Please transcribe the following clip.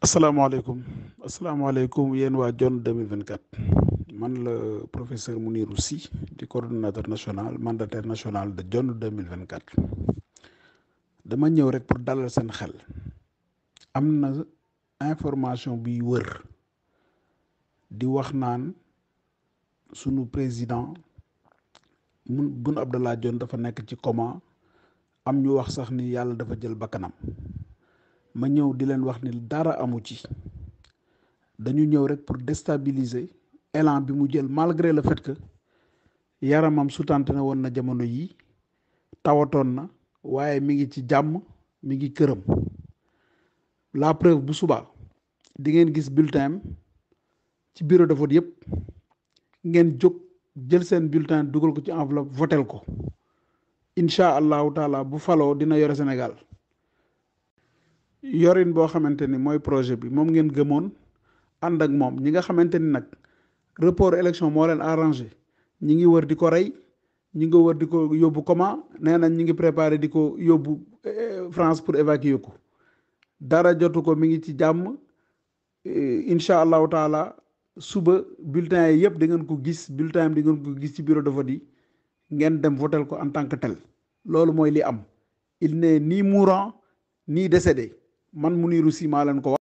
asalaamaaleykum asalaamaaleykum yéen waa Dione 2024 man la professeur Mounirou Sy di coordonnateur national mandataire national de Dione 2024 dama ñëw rek pour dalal seen xel am na information biy wër di wax naan sunu président mun Boun Abdallah Dione dafa nekk ci coma am ñu wax sax ni yàlla dafa jël bakkanam ma ñëw di leen wax ni dara amu ci dañu ñëw rek pour déstabiliser élan bi mu jël malgré le fait que yaramam sutante ne woon na jamono yii tawatoon na waaye mi ngi ci jàmm mi ngi këram la preuve bu subaa di ngeen gis bulletin ci bureau de vote yëpp ngeen jóg jël seen bulletin dugal ko ci enveloppe votel ko incha allahu taala bu faloo dina yore Sénégal yorin boo xamante ni mooy projet bi moom ngeen gëmoon ànd ak moom ñi nga xamante ni nag report élection moo leen arrangé ñi ngi war di ko rey ñi nga wër di ko yóbbu comment nee nañ ñi ngi préparé di ko yóbbu eh, France pour évacuer ko dara jotu ko mi ngi ci jàmm eh, incha allahu taala suba bulletin yi yëpp da ngeen ko gis bulletin yi di ngeen ko gis ci bureau de vote yi ngeen dem votel ko en tant que tel loolu mooy li am il n'est ni mourant nii décédé man mu Sy maa leen ko wax